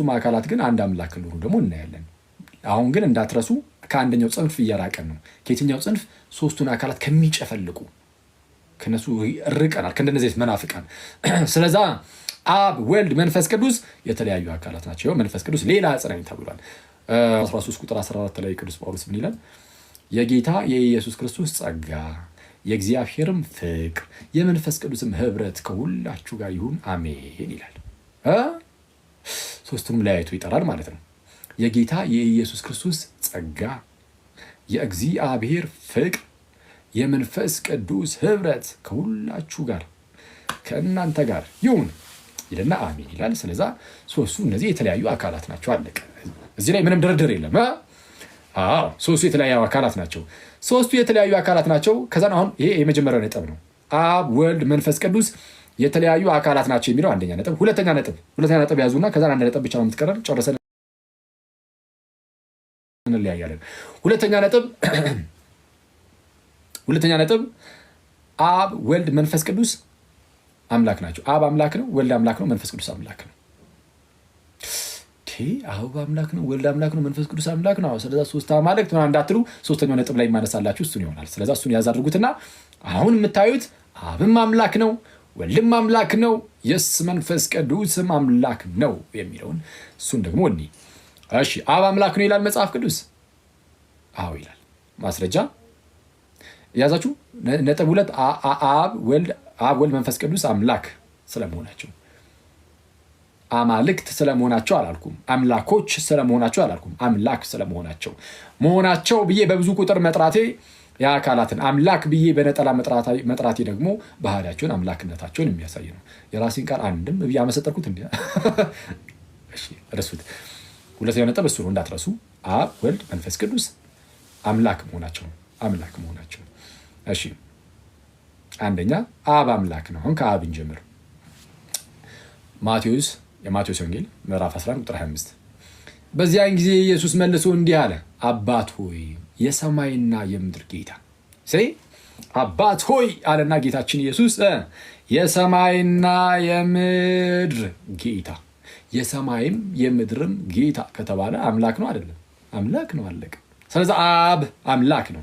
ሶስቱም አካላት ግን አንድ አምላክ እንደሆኑ ደግሞ እናያለን። አሁን ግን እንዳትረሱ ከአንደኛው ጽንፍ እየራቀን ነው። ከየትኛው ጽንፍ? ሶስቱን አካላት ከሚጨፈልቁ ከነሱ ርቀናል፣ ከእንደነዚህ መናፍቃን። ስለዛ አብ፣ ወልድ፣ መንፈስ ቅዱስ የተለያዩ አካላት ናቸው። መንፈስ ቅዱስ ሌላ ጽናኝ ተብሏል። 13 ቁጥር 14 ላይ ቅዱስ ጳውሎስ ምን ይላል? የጌታ የኢየሱስ ክርስቶስ ጸጋ የእግዚአብሔርም ፍቅር የመንፈስ ቅዱስም ህብረት ከሁላችሁ ጋር ይሁን አሜን ይላል። ሶስቱንም ለያይቶ ይጠራል ማለት ነው። የጌታ የኢየሱስ ክርስቶስ ጸጋ፣ የእግዚአብሔር ፍቅር፣ የመንፈስ ቅዱስ ህብረት ከሁላችሁ ጋር ከእናንተ ጋር ይሁን ይልና አሜን ይላል። ስለዛ ሶስቱ እነዚህ የተለያዩ አካላት ናቸው። አለቀ። እዚህ ላይ ምንም ድርድር የለም። ሶስቱ የተለያዩ አካላት ናቸው። ሶስቱ የተለያዩ አካላት ናቸው። ከዛ አሁን ይሄ የመጀመሪያው ነጥብ ነው። አብ፣ ወልድ፣ መንፈስ ቅዱስ የተለያዩ አካላት ናቸው የሚለው አንደኛ ነጥብ። ሁለተኛ ነጥብ ሁለተኛ ነጥብ ያዙና ከዛ አንድ ነጥብ ብቻ ነው የምትቀረር። ጨረሰ እንለያያለን። ሁለተኛ ነጥብ ሁለተኛ ነጥብ አብ፣ ወልድ፣ መንፈስ ቅዱስ አምላክ ናቸው። አብ አምላክ ነው፣ ወልድ አምላክ ነው፣ መንፈስ ቅዱስ አምላክ ነው። አብ አምላክ ነው፣ ወልድ አምላክ ነው፣ መንፈስ ቅዱስ አምላክ ነው። ስለዛ ሶስት አማልክት እንዳትሉ ሶስተኛው ነጥብ ላይ ማነሳላችሁ እሱን ይሆናል። ስለዛ እሱን ያዝ አድርጉትና አሁን የምታዩት አብም አምላክ ነው ወልድም አምላክ ነው፣ የስ መንፈስ ቅዱስም አምላክ ነው የሚለውን እሱን ደግሞ እኒ እሺ፣ አብ አምላክ ነው ይላል መጽሐፍ ቅዱስ? አዎ ይላል። ማስረጃ ያዛችሁ ነጥብ ሁለት አብ ወልድ አብ ወልድ መንፈስ ቅዱስ አምላክ ስለመሆናቸው አማልክት ስለመሆናቸው አላልኩም። አምላኮች ስለመሆናቸው አላልኩም። አምላክ ስለመሆናቸው መሆናቸው ብዬ በብዙ ቁጥር መጥራቴ የአካላትን አምላክ ብዬ በነጠላ መጥራቴ ደግሞ ባህሪያቸውን አምላክነታቸውን የሚያሳይ ነው። የራሴን ቃል አንድም ብዬ አመሰጠርኩት እንዲ ረሱት። ሁለተኛው ነጥብ እሱ ነው እንዳትረሱ። አብ ወልድ፣ መንፈስ ቅዱስ አምላክ መሆናቸው አምላክ መሆናቸው እሺ። አንደኛ አብ አምላክ ነው። አሁን ከአብ እንጀምር። ማቴዎስ የማቴዎስ ወንጌል ምዕራፍ 11 ቁጥር 25 በዚያን ጊዜ ኢየሱስ መልሶ እንዲህ አለ፣ አባት ሆይ የሰማይና የምድር ጌታ አባት ሆይ አለና ጌታችን ኢየሱስ የሰማይና የምድር ጌታ የሰማይም የምድርም ጌታ ከተባለ አምላክ ነው አይደለም? አምላክ ነው አለቀ። ስለዚ አብ አምላክ ነው።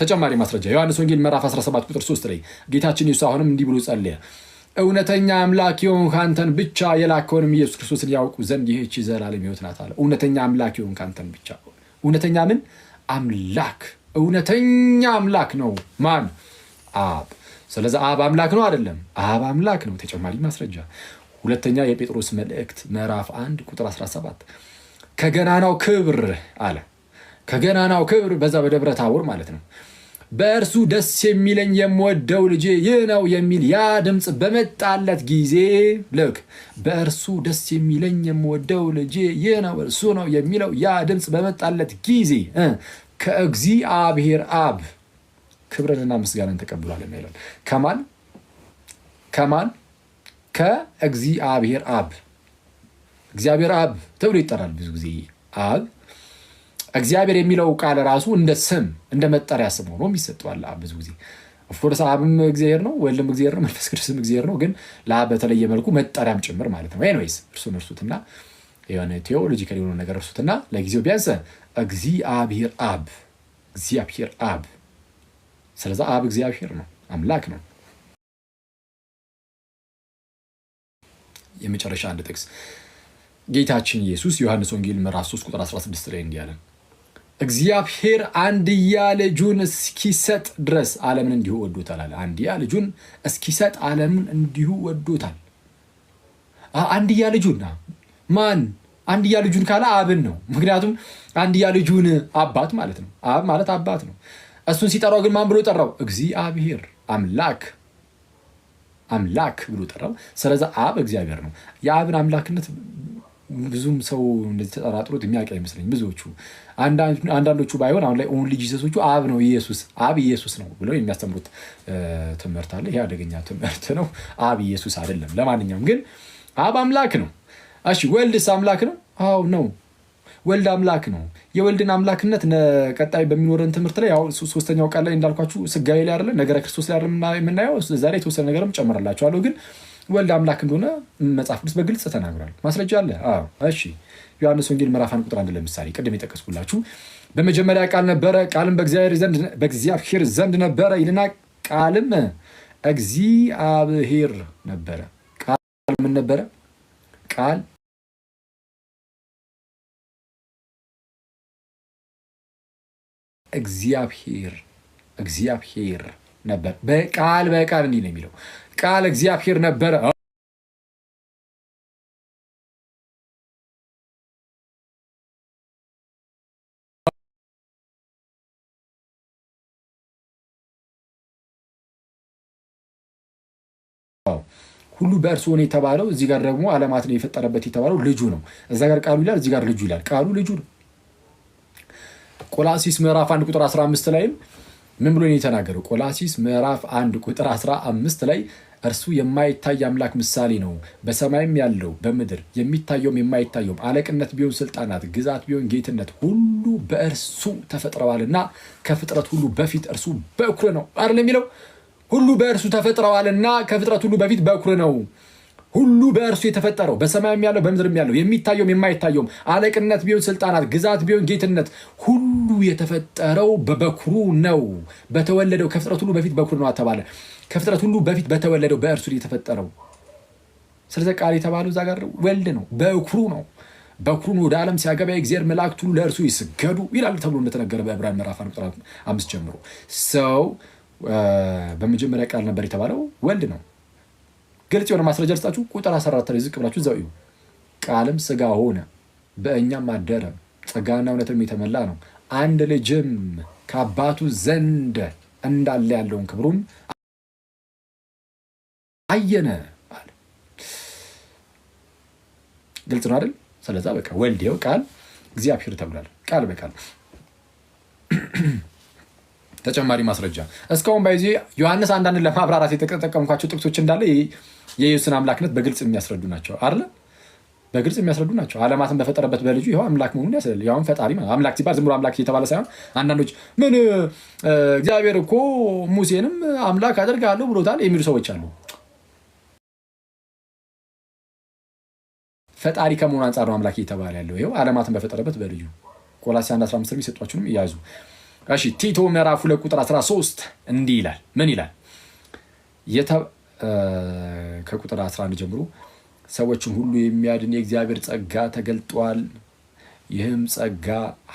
ተጨማሪ ማስረጃ ዮሐንስ ወንጌል ምዕራፍ 17 ቁጥር 3 ላይ ጌታችን ኢየሱስ አሁንም እንዲህ ብሎ ጸለየ። እውነተኛ አምላክ የሆን ካንተን ብቻ የላከውንም ኢየሱስ ክርስቶስን ያውቁ ዘንድ ይህች ዘላለም ሕይወት ናት አለ። እውነተኛ አምላክ የሆን ካንተን ብቻ እውነተኛ ምን አምላክ እውነተኛ አምላክ ነው። ማን? አብ። ስለዚህ አብ አምላክ ነው አይደለም? አብ አምላክ ነው። ተጨማሪ ማስረጃ ሁለተኛ የጴጥሮስ መልእክት ምዕራፍ 1 ቁጥር 17 ከገናናው ክብር አለ። ከገናናው ክብር በዛ በደብረ ታቦር ማለት ነው በእርሱ ደስ የሚለኝ የምወደው ልጄ ይህ ነው የሚል ያ ድምፅ በመጣለት ጊዜ ልክ በእርሱ ደስ የሚለኝ የምወደው ልጄ ይህ ነው እርሱ ነው የሚለው ያ ድምፅ በመጣለት ጊዜ ከእግዚአብሔር አብ ክብርንና ምስጋናን ተቀብሏል የሚለው ከማን ከማን ከእግዚአብሔር አብ እግዚአብሔር አብ ተብሎ ይጠራል ብዙ ጊዜ አብ እግዚአብሔር የሚለው ቃል ራሱ እንደ ስም እንደ መጠሪያ ስም ሆኖ ይሰጠዋል። ብዙ ጊዜ ኦፍኮርስ አብም እግዚአብሔር ነው፣ ወልም እግዚአብሔር ነው፣ መንፈስ ቅዱስም እግዚአብሔር ነው። ግን ለአብ በተለየ መልኩ መጠሪያም ጭምር ማለት ነው። ኤኒዌይስ እርሱን እርሱትና የሆነ ቴዎሎጂካል የሆነ ነገር እርሱትና ለጊዜው ቢያንስ እግዚአብሔር አብ እግዚአብሔር አብ። ስለዚ አብ እግዚአብሔር ነው፣ አምላክ ነው። የመጨረሻ አንድ ጥቅስ ጌታችን ኢየሱስ ዮሐንስ ወንጌል ምዕራፍ 3 ቁጥር 16 ላይ እንዲህ አለን። እግዚአብሔር አንድያ ልጁን እስኪሰጥ ድረስ ዓለምን እንዲሁ ወዶታል። አንድያ ልጁን እስኪሰጥ ዓለምን እንዲሁ ወዶታል። አንድያ ልጁን ማን አንድያ ልጁን ካለ አብን ነው። ምክንያቱም አንድያ ልጁን አባት ማለት ነው። አብ ማለት አባት ነው። እሱን ሲጠራው ግን ማን ብሎ ጠራው? እግዚአብሔር አምላክ አምላክ ብሎ ጠራው። ስለዚ አብ እግዚአብሔር ነው። የአብን አምላክነት ብዙም ሰው እንደተጠራጥሩት ተጠራጥሮት የሚያውቅ አይመስለኝ ብዙዎቹ አንዳንዶቹ ባይሆን አሁን ላይ ኦንሊ ጂሰሶቹ አብ ነው ኢየሱስ አብ ኢየሱስ ነው ብለው የሚያስተምሩት ትምህርት አለ። ይህ አደገኛ ትምህርት ነው። አብ ኢየሱስ አይደለም። ለማንኛውም ግን አብ አምላክ ነው። እሺ ወልድስ አምላክ ነው? አዎ ነው። ወልድ አምላክ ነው። የወልድን አምላክነት ቀጣይ በሚኖረን ትምህርት ላይ ሶስተኛው ቃል ላይ እንዳልኳችሁ ስጋዊ ላይ አይደለም ነገረ ክርስቶስ ላይ የምናየው ዛሬ የተወሰነ ነገርም ጨምርላችኋለሁ ግን ወልድ አምላክ እንደሆነ መጽሐፍ ቅዱስ በግልጽ ተናግሯል። ማስረጃ አለ። እሺ ዮሐንስ ወንጌል ምዕራፍ አንድ ቁጥር አንድ ለምሳሌ ቅድም የጠቀስኩላችሁ በመጀመሪያ ቃል ነበረ፣ ቃልም በእግዚአብሔር ዘንድ ነበረ ይልና ቃልም እግዚአብሔር ነበረ። ቃል ምን ነበረ? ቃል እግዚአብሔር እግዚአብሔር ነበር። በቃል በቃል እንዲህ ነው የሚለው ቃል እግዚአብሔር ነበረ ሁሉ በእርሱ ሆነ የተባለው እዚህ ጋር ደግሞ አለማት ነው የፈጠረበት የተባለው ልጁ ነው። እዛ ጋር ቃሉ ይላል፣ እዚህ ጋር ልጁ ይላል። ቃሉ ልጁ ነው። ቆላሲስ ምዕራፍ አንድ ቁጥር 15 ላይም ምን ብሎ የተናገረው? ቆላሲስ ምዕራፍ 1 ቁጥር 15 ላይ እርሱ የማይታይ አምላክ ምሳሌ ነው፣ በሰማይም ያለው በምድር የሚታየውም የማይታየውም፣ አለቅነት ቢሆን ስልጣናት፣ ግዛት ቢሆን ጌትነት፣ ሁሉ በእርሱ ተፈጥረዋልና ከፍጥረት ሁሉ በፊት እርሱ በኩር ነው አይደል የሚለው ሁሉ በእርሱ ተፈጥረዋልና ከፍጥረት ሁሉ በፊት በኩር ነው። ሁሉ በእርሱ የተፈጠረው በሰማይም ያለው በምድርም ያለው የሚታየውም የማይታየውም አለቅነት ቢሆን ስልጣናት፣ ግዛት ቢሆን ጌትነት፣ ሁሉ የተፈጠረው በበኩሩ ነው። በተወለደው ከፍጥረት ሁሉ በፊት በኩሩ ነው አተባለ። ከፍጥረት ሁሉ በፊት በተወለደው በእርሱ የተፈጠረው ስለዚ ቃል የተባለው እዛ ጋር ወልድ ነው፣ በኩሩ ነው። በኩሩን ወደ ዓለም ሲያገባ የእግዚአብሔር መላእክት ሁሉ ለእርሱ ይስገዱ ይላል ተብሎ እንደተነገረ በዕብራውያን ምዕራፍ ቁጥር አምስት ጀምሮ ሰው በመጀመሪያ ቃል ነበር የተባለው ወልድ ነው። ግልጽ የሆነ ማስረጃ ልስጣችሁ። ቁጥር 14 ላይ ዝቅ ብላችሁ እዛው እዩ። ቃልም ስጋ ሆነ በእኛም አደረ፣ ጸጋና እውነትም የተመላ ነው። አንድ ልጅም ከአባቱ ዘንድ እንዳለ ያለውን ክብሩን አየነ። ግልጽ ነው አይደል? ስለዛ በቃ ወልድ ወልዴው ቃል እግዚአብሔር ተብሏል። ቃል በቃል ተጨማሪ ማስረጃ እስካሁን ባይዜ ዮሐንስ አንዳንድ ለማብራራት የተጠቀምኳቸው ጥቅሶች እንዳለ የኢየሱስን አምላክነት በግልጽ የሚያስረዱ ናቸው አለ በግልጽ የሚያስረዱ ናቸው። ዓለማትን በፈጠረበት በልጁ ይኸው አምላክ መሆኑን ያስል ይኸውም ፈጣሪ አምላክ ሲባል ዝም ብሎ አምላክ እየተባለ ሳይሆን አንዳንዶች ምን እግዚአብሔር እኮ ሙሴንም አምላክ አደርጋለሁ ብሎታል የሚሉ ሰዎች አሉ። ፈጣሪ ከመሆኑ አንጻር ነው አምላክ እየተባለ ያለው። ይኸው ዓለማትን በፈጠረበት በልጁ ቆላስይስ 1 15 የሚሰጧችሁንም እያዙ እሺ ቲቶ ምዕራፍ 2 ቁጥር 13 እንዲህ ይላል። ምን ይላል? ከቁጥር 11 ጀምሮ ሰዎችን ሁሉ የሚያድን የእግዚአብሔር ጸጋ ተገልጧል። ይህም ጸጋ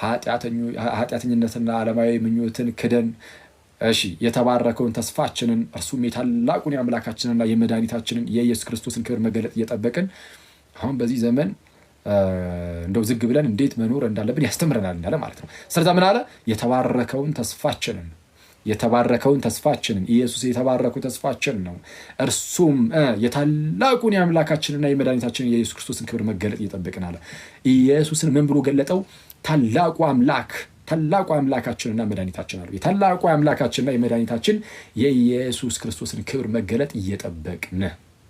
ኃጢአተኝነትና ዓለማዊ ምኞትን ክደን እሺ የተባረከውን ተስፋችንን እርሱም የታላቁን የአምላካችንና የመድኃኒታችንን የኢየሱስ ክርስቶስን ክብር መገለጥ እየጠበቅን አሁን በዚህ ዘመን እንደው ዝግ ብለን እንዴት መኖር እንዳለብን ያስተምረናል እንዳለ ማለት ነው። ስለዛ ምን አለ? የተባረከውን ተስፋችንን የተባረከውን ተስፋችንን ኢየሱስ የተባረኩ ተስፋችን ነው። እርሱም የታላቁን የአምላካችንና የመድኃኒታችን የኢየሱስ ክርስቶስን ክብር መገለጥ እየጠበቅን አለ። ኢየሱስን ምን ብሎ ገለጠው? ታላቁ አምላክ ታላቁ አምላካችንና መድኃኒታችን አሉ። የታላቁ አምላካችንና የመድኃኒታችን የኢየሱስ ክርስቶስን ክብር መገለጥ እየጠበቅን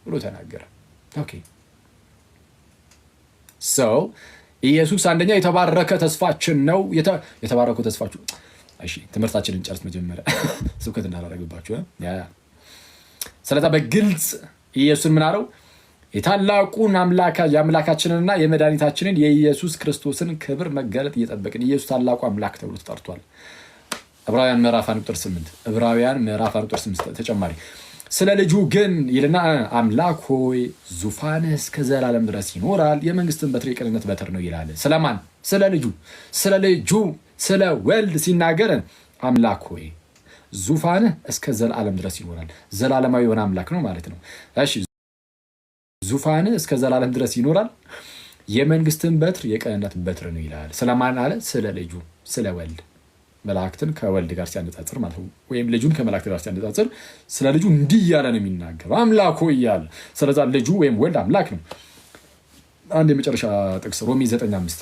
ብሎ ተናገረ። ኦኬ ሰው ኢየሱስ አንደኛ የተባረከ ተስፋችን ነው። የተባረኩ ተስፋችሁ። እሺ ትምህርታችንን ጨርስ። መጀመሪያ ስብከት እንዳላረግባችሁ ስለዛ በግልጽ ኢየሱስን ምን አለው? የታላቁን የአምላካችንንና የመድኃኒታችንን የኢየሱስ ክርስቶስን ክብር መገለጥ እየጠበቅን ኢየሱስ ታላቁ አምላክ ተብሎ ተጠርቷል። ዕብራውያን ምዕራፍ አንድ ቁጥር ስምንት ዕብራውያን ምዕራፍ አንድ ቁጥር ስምንት ተጨማሪ ስለ ልጁ ግን ይልና አምላክ ሆይ ዙፋንህ እስከ ዘላለም ድረስ ይኖራል፣ የመንግስትን በትር የቅንነት በትር ነው ይላል። ስለማን? ስለ ልጁ ስለ ልጁ ስለ ወልድ ሲናገር አምላክ ሆይ ዙፋንህ እስከ ዘላለም ድረስ ይኖራል። ዘላለማዊ የሆነ አምላክ ነው ማለት ነው። እሺ ዙፋንህ እስከ ዘላለም ድረስ ይኖራል፣ የመንግስትን በትር የቅንነት በትር ነው ይላል። ስለማን አለ? ስለ ልጁ ስለ ወልድ መላእክትን ከወልድ ጋር ሲያነጻጽር ማለት ነው። ወይም ልጁን ከመላእክት ጋር ሲያነጻጽር ስለ ልጁ እንዲህ እያለ ነው የሚናገረው፣ አምላኩ እያለ ስለዛ ልጁ ወይም ወልድ አምላክ ነው። አንድ የመጨረሻ ጥቅስ ሮሚ 95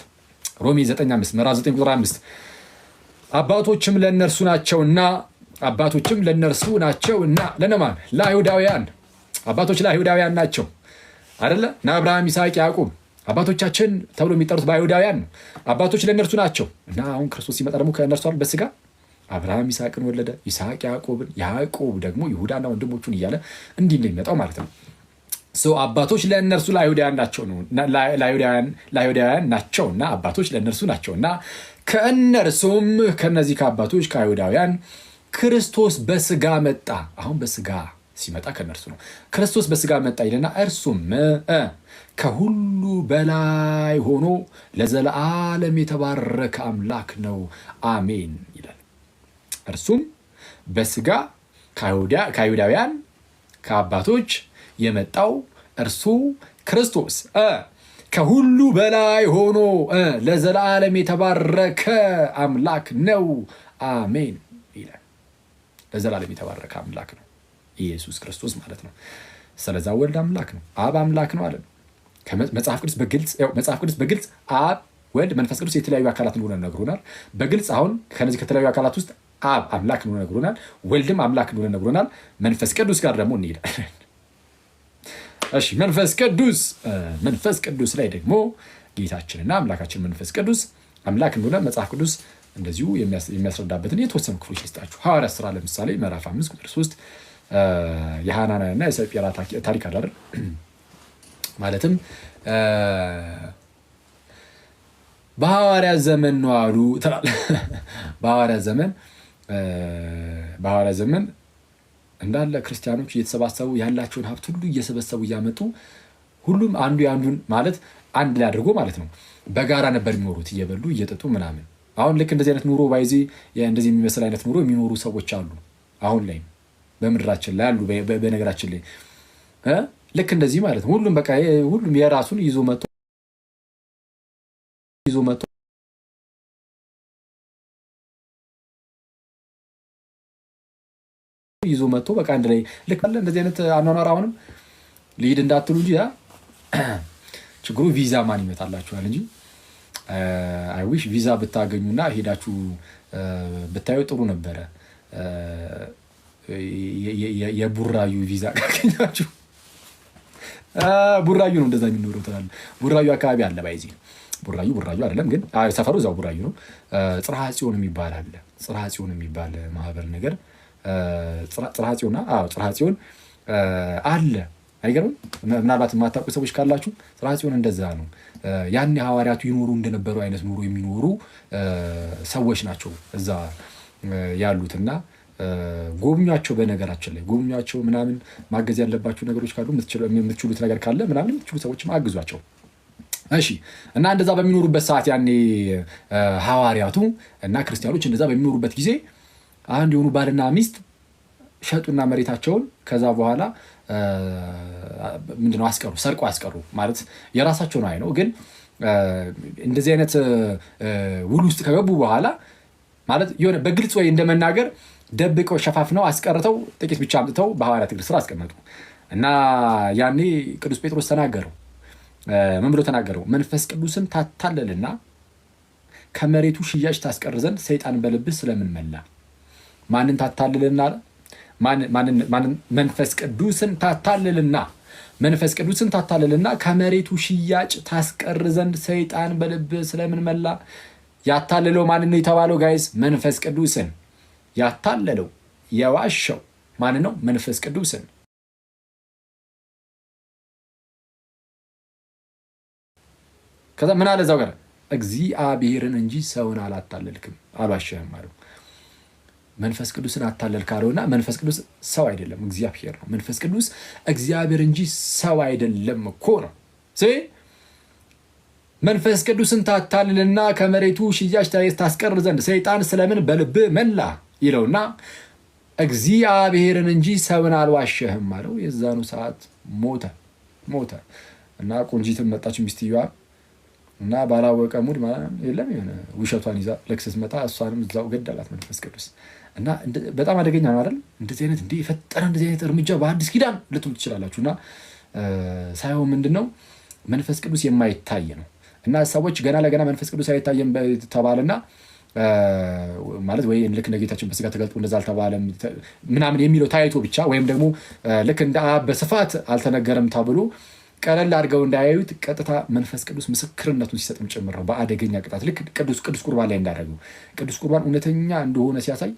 ሮሚ 95 ምዕራፍ 9 ቁጥር 5 አባቶችም ለእነርሱ ናቸውና አባቶችም ለእነርሱ ናቸው እና ለነማን ለአይሁዳውያን አባቶች ለአይሁዳውያን ናቸው አደለ? እነ አብርሃም፣ ይስሐቅ፣ ያዕቆብ አባቶቻችን ተብሎ የሚጠሩት በአይሁዳውያን ነው። አባቶች ለእነርሱ ናቸው እና አሁን ክርስቶስ ሲመጣ ደግሞ ከእነርሱ አል በስጋ አብርሃም ይስሐቅን ወለደ፣ ይስሐቅ ያዕቆብን፣ ያዕቆብ ደግሞ ይሁዳና ወንድሞቹን እያለ እንዲህ እንደሚመጣው ማለት ነው። አባቶች ለእነርሱ ለአይሁዳውያን ናቸው ለአይሁዳውያን ናቸው እና አባቶች ለእነርሱ ናቸው እና ከእነርሱም ከነዚህ ከአባቶች ከአይሁዳውያን ክርስቶስ በስጋ መጣ። አሁን በስጋ ሲመጣ ከነርሱ ነው። ክርስቶስ በስጋ መጣ ይልና እርሱም ከሁሉ በላይ ሆኖ ለዘለዓለም የተባረከ አምላክ ነው አሜን ይላል። እርሱም በስጋ ከአይሁዳውያን ከአባቶች የመጣው እርሱ ክርስቶስ ከሁሉ በላይ ሆኖ ለዘላለም የተባረከ አምላክ ነው አሜን ይላል። ለዘላለም የተባረከ አምላክ ነው። ኢየሱስ ክርስቶስ ማለት ነው። ስለዛ ወልድ አምላክ ነው፣ አብ አምላክ ነው አለ። መጽሐፍ ቅዱስ በግልጽ መጽሐፍ ቅዱስ በግልጽ አብ፣ ወልድ፣ መንፈስ ቅዱስ የተለያዩ አካላት እንደሆነ ነግሮናል። በግልጽ አሁን ከነዚህ ከተለያዩ አካላት ውስጥ አብ አምላክ እንደሆነ ነግሮናል። ወልድም አምላክ እንደሆነ ነግሮናል። መንፈስ ቅዱስ ጋር ደግሞ እንሄዳለን። እሺ መንፈስ ቅዱስ መንፈስ ቅዱስ ላይ ደግሞ ጌታችንና አምላካችን መንፈስ ቅዱስ አምላክ እንደሆነ መጽሐፍ ቅዱስ እንደዚሁ የሚያስረዳበትን የተወሰኑ ክፍሎች ይስጣችሁ። ሐዋርያት ስራ ለምሳሌ ምዕራፍ አምስት ቁጥር ሶስት የሃናና እና የሰጲራ ታሪክ አለ አይደል? ማለትም በሐዋርያ ዘመን ነው አሉ ትላል። በሐዋርያ ዘመን በሐዋርያ ዘመን እንዳለ ክርስቲያኖች እየተሰባሰቡ ያላቸውን ሀብት ሁሉ እየሰበሰቡ እያመጡ ሁሉም አንዱ የአንዱን ማለት አንድ ላይ አድርጎ ማለት ነው በጋራ ነበር የሚኖሩት እየበሉ እየጠጡ ምናምን። አሁን ልክ እንደዚህ አይነት ኑሮ ባይዜ እንደዚህ የሚመስል አይነት ኑሮ የሚኖሩ ሰዎች አሉ አሁን ላይም በምድራችን ላይ አሉ። በነገራችን ላይ ልክ እንደዚህ ማለት ነው። ሁሉም በቃ ሁሉም የራሱን ይዞ መጥቶ ይዞ መጥቶ ይዞ መጥቶ በቃ አንድ ላይ ልክ አለ። እንደዚህ አይነት አኗኗር አሁንም ልሂድ እንዳትሉ እንጂ ያ ችግሩ ቪዛ ማን ይመጣላችኋል እንጂ አይዊሽ ቪዛ ብታገኙና ሄዳችሁ ብታዩ ጥሩ ነበረ። የቡራዩ ቪዛ ካገኛችሁ ቡራዩ ነው እንደዛ የሚኖረው ትላለ። ቡራዩ አካባቢ አለ ባይዚ ቡራዩ ቡራዩ አይደለም ግን ሰፈሩ እዛው ቡራዩ ነው። ጽርሐ ጽዮን የሚባል አለ። ጽርሐ ጽዮን የሚባል ማህበር ነገር ጽርሐ ጽዮን ጽርሐ ጽዮን አለ። አይገርም? ምናልባት የማታውቁ ሰዎች ካላችሁ ጽርሐ ጽዮን እንደዛ ነው። ያን ሐዋርያቱ ይኖሩ እንደነበሩ አይነት ኑሮ የሚኖሩ ሰዎች ናቸው እዛ ያሉትና ጎብኟቸው። በነገራችን ላይ ጎብኟቸው ምናምን ማገዝ ያለባቸው ነገሮች ካሉ የምትችሉት ነገር ካለ ምናምን የምትችሉ ሰዎች አግዟቸው። እሺ እና እንደዛ በሚኖሩበት ሰዓት ያኔ ሐዋርያቱ እና ክርስቲያኖች እንደዛ በሚኖሩበት ጊዜ አንድ የሆኑ ባልና ሚስት ሸጡና መሬታቸውን ከዛ በኋላ ምንድነው አስቀሩ፣ ሰርቆ አስቀሩ። ማለት የራሳቸው ነው ነው ግን እንደዚህ አይነት ውል ውስጥ ከገቡ በኋላ ማለት የሆነ በግልጽ ወይ እንደመናገር ደብቀው ሸፋፍነው አስቀርተው ጥቂት ብቻ አምጥተው በሐዋርያት እግር ስር አስቀመጡ እና ያኔ ቅዱስ ጴጥሮስ ተናገረው። ምን ብሎ ተናገረው? መንፈስ ቅዱስን ታታለልና ከመሬቱ ሽያጭ ታስቀር ዘንድ ሰይጣን በልብህ ስለምን መላ? ማንን ታታልልና? መንፈስ ቅዱስን ታታልልና መንፈስ ቅዱስን ታታልልና ከመሬቱ ሽያጭ ታስቀር ዘንድ ሰይጣን በልብህ ስለምን መላ? ያታልለው ማንን የተባለው? ጋይስ መንፈስ ቅዱስን ያታለለው የዋሸው ማን ነው? መንፈስ ቅዱስን። ከዛ ምን አለ እዛው ጋር እግዚአብሔርን እንጂ ሰውን አላታለልክም አልዋሸህም አለው። መንፈስ ቅዱስን አታለልክ አለውና መንፈስ ቅዱስ ሰው አይደለም እግዚአብሔር ነው። መንፈስ ቅዱስ እግዚአብሔር እንጂ ሰው አይደለም እኮ ነው። መንፈስ ቅዱስን ታታልልና ከመሬቱ ሽያጭ ታስቀር ዘንድ ሰይጣን ስለምን በልብ መላ ይለውና እግዚአብሔርን እንጂ ሰብን አልዋሸህም አለው። የዛኑ ሰዓት ሞተ ሞተ እና ቆንጂትም መጣች ሚስትየዋ እና ባላወቀ ሙድ የለም የሆነ ውሸቷን ይዛ ልክ ስትመጣ እሷንም እዛው ገደላት መንፈስ ቅዱስ እና በጣም አደገኛ ነው አይደል? እንደዚህ አይነት እንዲህ የፈጠረ እንደዚህ አይነት እርምጃ በአዲስ ኪዳን ልትሉ ትችላላችሁ። እና ሳይሆን ምንድን ነው መንፈስ ቅዱስ የማይታይ ነው እና ሰዎች ገና ለገና መንፈስ ቅዱስ አይታየም ተባለና ማለት ወይ ልክ እንደ ጌታችን በስጋ ተገልጦ እንደዛ አልተባለም ምናምን የሚለው ታይቶ ብቻ ወይም ደግሞ ልክ እንደ አብ በስፋት አልተነገረም ተብሎ ቀለል አድርገው እንዳያዩት ቀጥታ መንፈስ ቅዱስ ምስክርነቱን ሲሰጥም ጭምር ነው። በአደገኛ ቅጣት ልክ ቅዱስ ቅዱስ ቁርባን ላይ እንዳደረገው ቅዱስ ቁርባን እውነተኛ እንደሆነ ሲያሳይ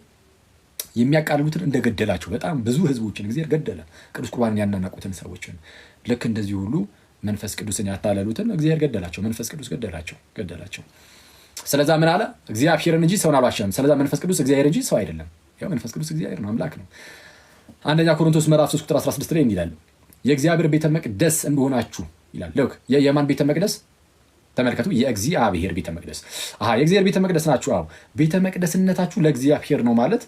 የሚያቃልሉትን እንደገደላቸው በጣም ብዙ ህዝቦችን እግዚአብሔር ገደለ። ቅዱስ ቁርባንን ያናናቁትን ሰዎችን ልክ እንደዚህ ሁሉ መንፈስ ቅዱስን ያታለሉትን እግዚአብሔር ገደላቸው። መንፈስ ቅዱስ ገደላቸው ገደላቸው። ስለዛ ምን አለ? እግዚአብሔርን እንጂ ሰውን አልዋሸም። ስለዛ መንፈስ ቅዱስ እግዚአብሔር እንጂ ሰው አይደለም። ያው መንፈስ ቅዱስ እግዚአብሔር ነው፣ አምላክ ነው። አንደኛ ኮሪንቶስ ምዕራፍ 3 ቁጥር 16 ላይ እንዲላል የእግዚአብሔር ቤተ መቅደስ እንደሆናችሁ ይላል። ልክ የማን ቤተ መቅደስ ተመልከቱ፣ የእግዚአብሔር ቤተ መቅደስ። አሃ የእግዚአብሔር ቤተ መቅደስ ናችሁ። አዎ ቤተ መቅደስነታችሁ ለእግዚአብሔር ነው ማለት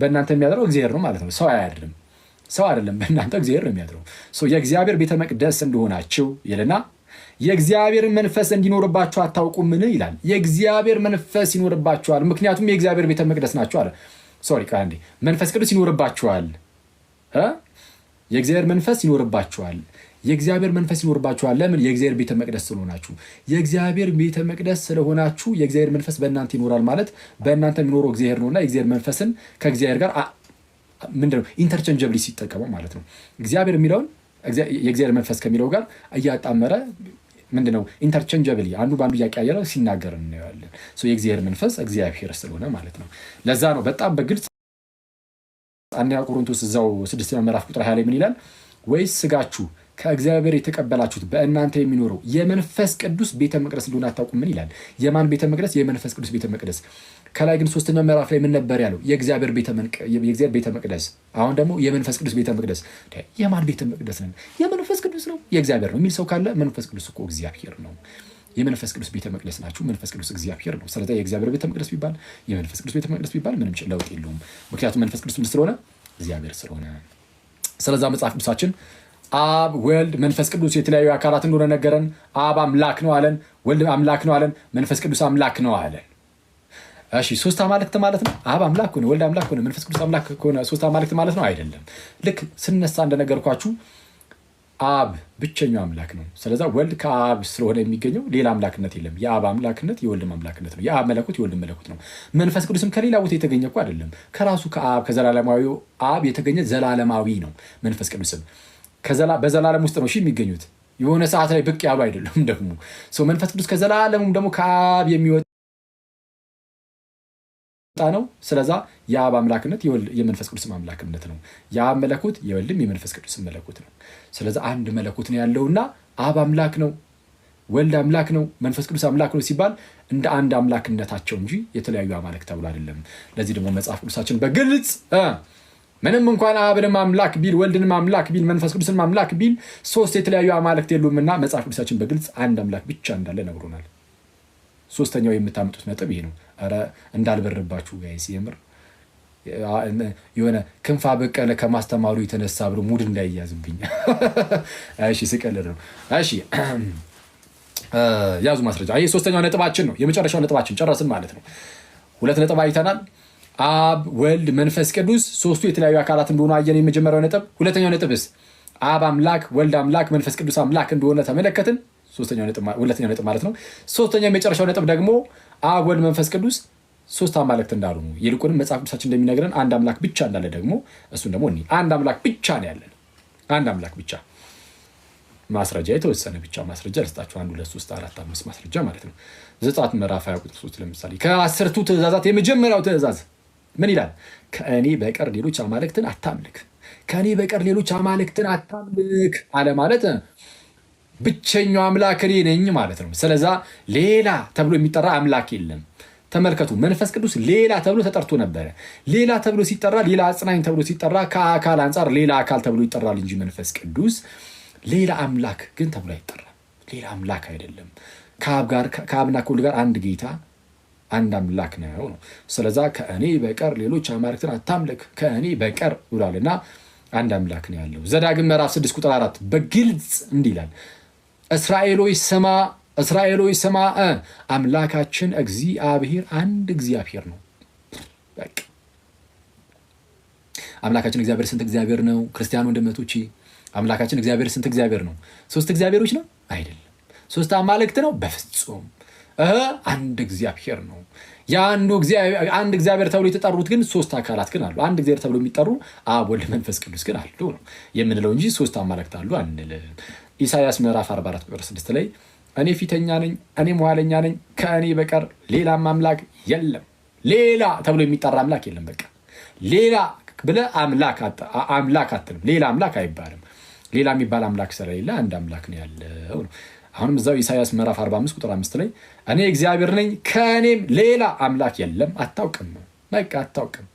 በእናንተ የሚያድረው እግዚአብሔር ነው ማለት ነው። ሰው አያድርም፣ ሰው አይደለም። በእናንተ እግዚአብሔር ነው የሚያድረው። የእግዚአብሔር ቤተ መቅደስ እንደሆናችሁ ይልና የእግዚአብሔር መንፈስ እንዲኖርባቸው አታውቁምን ይላል። የእግዚአብሔር መንፈስ ይኖርባቸዋል ምክንያቱም የእግዚአብሔር ቤተ መቅደስ ናቸው አለ። ሶሪ ቃንዴ መንፈስ ቅዱስ ይኖርባቸዋል። የእግዚአብሔር መንፈስ ይኖርባቸዋል የእግዚአብሔር መንፈስ ይኖርባችኋል። ለምን? የእግዚአብሔር ቤተ መቅደስ ስለሆናችሁ። የእግዚአብሔር ቤተ መቅደስ ስለሆናችሁ የእግዚአብሔር መንፈስ በእናንተ ይኖራል ማለት በእናንተ የሚኖረው እግዚአብሔር ነውና የእግዚአብሔር መንፈስን ከእግዚአብሔር ጋር ምንድነው ኢንተርቸንጀብሊ ሲጠቀመው ማለት ነው። እግዚአብሔር የሚለውን የእግዚአብሔር መንፈስ ከሚለው ጋር እያጣመረ ምንድነው ኢንተርቼንጀብሊ አንዱ በአንዱ እያቀያየረ ሲናገር እናየዋለን። የእግዚአብሔር መንፈስ እግዚአብሔር ስለሆነ ማለት ነው። ለዛ ነው በጣም በግልጽ አንደኛ ቆሮንቶስ እዛው ስድስተኛ ምዕራፍ ቁጥር ሀያ ላይ ምን ይላል? ወይስ ስጋችሁ ከእግዚአብሔር የተቀበላችሁት በእናንተ የሚኖረው የመንፈስ ቅዱስ ቤተ መቅደስ እንደሆነ አታውቁም? ምን ይላል? የማን ቤተ መቅደስ? የመንፈስ ቅዱስ ቤተ መቅደስ። ከላይ ግን ሶስተኛው ምዕራፍ ላይ ምን ነበር ያለው? የእግዚአብሔር ቤተ መቅደስ። አሁን ደግሞ የመንፈስ ቅዱስ ቤተ መቅደስ። የማን ቤተ መቅደስ ነን? ቅዱስ ነው የእግዚአብሔር ነው የሚል ሰው ካለ መንፈስ ቅዱስ እኮ እግዚአብሔር ነው። የመንፈስ ቅዱስ ቤተ መቅደስ ናችሁ። መንፈስ ቅዱስ እግዚአብሔር ነው። ስለዚ የእግዚአብሔር ቤተ መቅደስ ቢባል የመንፈስ ቅዱስ ቤተ መቅደስ ቢባል ምንም ለውጥ የለውም። ምክንያቱም መንፈስ ቅዱስ ምን ስለሆነ እግዚአብሔር ስለሆነ። ስለዛ መጽሐፍ ቅዱሳችን አብ ወልድ መንፈስ ቅዱስ የተለያዩ አካላት እንደሆነ ነገረን። አብ አምላክ ነው አለን። ወልድ አምላክ ነው አለን። መንፈስ ቅዱስ አምላክ ነው አለን። እሺ ሶስት አማልክት ማለት ነው። አብ አምላክ ሆነ፣ ወልድ አምላክ ሆነ፣ መንፈስ ቅዱስ አምላክ ከሆነ ሶስት አማልክት ማለት ነው አይደለም። ልክ ስነሳ እንደነገርኳችሁ አብ ብቸኛው አምላክ ነው። ስለዛ ወልድ ከአብ ስለሆነ የሚገኘው ሌላ አምላክነት የለም። የአብ አምላክነት የወልድም አምላክነት ነው። የአብ መለኮት የወልድ መለኮት ነው። መንፈስ ቅዱስም ከሌላ ቦታ የተገኘ እኮ አይደለም። ከራሱ ከአብ ከዘላለማዊ አብ የተገኘ ዘላለማዊ ነው። መንፈስ ቅዱስም በዘላለም ውስጥ ነው ሺ የሚገኙት የሆነ ሰዓት ላይ ብቅ ያሉ አይደለም። ደግሞ መንፈስ ቅዱስ ከዘላለሙም ደግሞ ከአብ የሚወጣ ነው። ስለዛ የአብ አምላክነት የመንፈስ ቅዱስ አምላክነት ነው። የአብ መለኮት የወልድም የመንፈስ ቅዱስ መለኮት ነው። ስለዛ አንድ መለኮት ነው ያለውና አብ አምላክ ነው፣ ወልድ አምላክ ነው፣ መንፈስ ቅዱስ አምላክ ነው ሲባል እንደ አንድ አምላክነታቸው እንጂ የተለያዩ አማልክ ተብሎ አይደለም። ለዚህ ደግሞ መጽሐፍ ቅዱሳችን በግልጽ ምንም እንኳን አብንም አምላክ ቢል ወልድንም አምላክ ቢል መንፈስ ቅዱስን አምላክ ቢል ሶስት የተለያዩ አማልክት የሉምና መጽሐፍ ቅዱሳችን በግልጽ አንድ አምላክ ብቻ እንዳለ ነግሮናል። ሶስተኛው የምታመጡት ነጥብ ይሄ ነው። እንዳልበርባችሁ ጋይስ የምር የሆነ ክንፋ በቀለ ከማስተማሩ የተነሳ ብሎ ሙድ እንዳይያዝብኝ። እሺ ስቀልድ ነው። እሺ ያዙ ማስረጃ። ይህ ሶስተኛው ነጥባችን ነው። የመጨረሻው ነጥባችን ጨረስን ማለት ነው። ሁለት ነጥብ አይተናል። አብ፣ ወልድ፣ መንፈስ ቅዱስ ሶስቱ የተለያዩ አካላት እንደሆኑ አየን። የመጀመሪያው ነጥብ። ሁለተኛው ነጥብስ አብ አምላክ፣ ወልድ አምላክ፣ መንፈስ ቅዱስ አምላክ እንደሆነ ተመለከትን። ሁለተኛው ነጥብ ማለት ነው። ሶስተኛው የመጨረሻው ነጥብ ደግሞ አብ ወልድ መንፈስ ቅዱስ ሶስት አማልክት እንዳሉ ይልቁንም መጽሐፍ ቅዱሳችን እንደሚነግረን አንድ አምላክ ብቻ እንዳለ ደግሞ እሱን ደግሞ እኔ አንድ አምላክ ብቻ ነው ያለን። አንድ አምላክ ብቻ ማስረጃ የተወሰነ ብቻ ማስረጃ ልስጣችሁ። አንድ ሁለት ሶስት አራት አምስት ማስረጃ ማለት ነው። ዘጸአት ምዕራፍ ሃያ ቁጥር ሶስት ለምሳሌ ከአስርቱ ትእዛዛት የመጀመሪያው ትእዛዝ ምን ይላል? ከእኔ በቀር ሌሎች አማልክትን አታምልክ። ከእኔ በቀር ሌሎች አማልክትን አታምልክ አለ ማለት ብቸኛው አምላክ እኔ ነኝ ማለት ነው። ስለዛ ሌላ ተብሎ የሚጠራ አምላክ የለም። ተመልከቱ፣ መንፈስ ቅዱስ ሌላ ተብሎ ተጠርቶ ነበረ። ሌላ ተብሎ ሲጠራ፣ ሌላ አጽናኝ ተብሎ ሲጠራ ከአካል አንጻር ሌላ አካል ተብሎ ይጠራል እንጂ መንፈስ ቅዱስ ሌላ አምላክ ግን ተብሎ አይጠራም። ሌላ አምላክ አይደለም። ከአብና ከወልድ ጋር አንድ ጌታ አንድ አምላክ ነው ነው። ስለዛ ከእኔ በቀር ሌሎች አማልክትን አታምልክ ከእኔ በቀር ብሏልና አንድ አምላክ ነው ያለው። ዘዳግም ምዕራፍ ስድስት ቁጥር አራት በግልጽ እንዲህ ይላል እስራኤሎች ስማ፣ እስራኤሎች ስማ፣ አምላካችን እግዚአብሔር አንድ እግዚአብሔር ነው። በቃ አምላካችን እግዚአብሔር ስንት እግዚአብሔር ነው? ክርስቲያን ወንድመቶቼ፣ አምላካችን እግዚአብሔር ስንት እግዚአብሔር ነው? ሶስት እግዚአብሔሮች ነው? አይደለም። ሶስት አማልክት ነው? በፍጹም አንድ እግዚአብሔር ነው። የአንዱ አንድ እግዚአብሔር ተብሎ የተጠሩት ግን ሶስት አካላት ግን አሉ። አንድ እግዚአብሔር ተብሎ የሚጠሩ አብ፣ ወልድ፣ መንፈስ ቅዱስ ግን አሉ ነው የምንለው እንጂ ሶስት አማልክት አሉ አንልም። ኢሳያስ ምዕራፍ 44 ቁጥር 6 ላይ እኔ ፊተኛ ነኝ፣ እኔም ኋለኛ ነኝ፣ ከእኔ በቀር ሌላም አምላክ የለም። ሌላ ተብሎ የሚጠራ አምላክ የለም። በቃ ሌላ ብለ አምላክ አትልም። ሌላ አምላክ አይባልም። ሌላ የሚባል አምላክ ስለሌለ አንድ አምላክ ነው ያለው ነው። አሁንም እዛው ኢሳያስ ምዕራፍ 45 ቁጥር 5 ላይ እኔ እግዚአብሔር ነኝ፣ ከእኔም ሌላ አምላክ የለም። አታውቅም ነው በቃ አታውቅም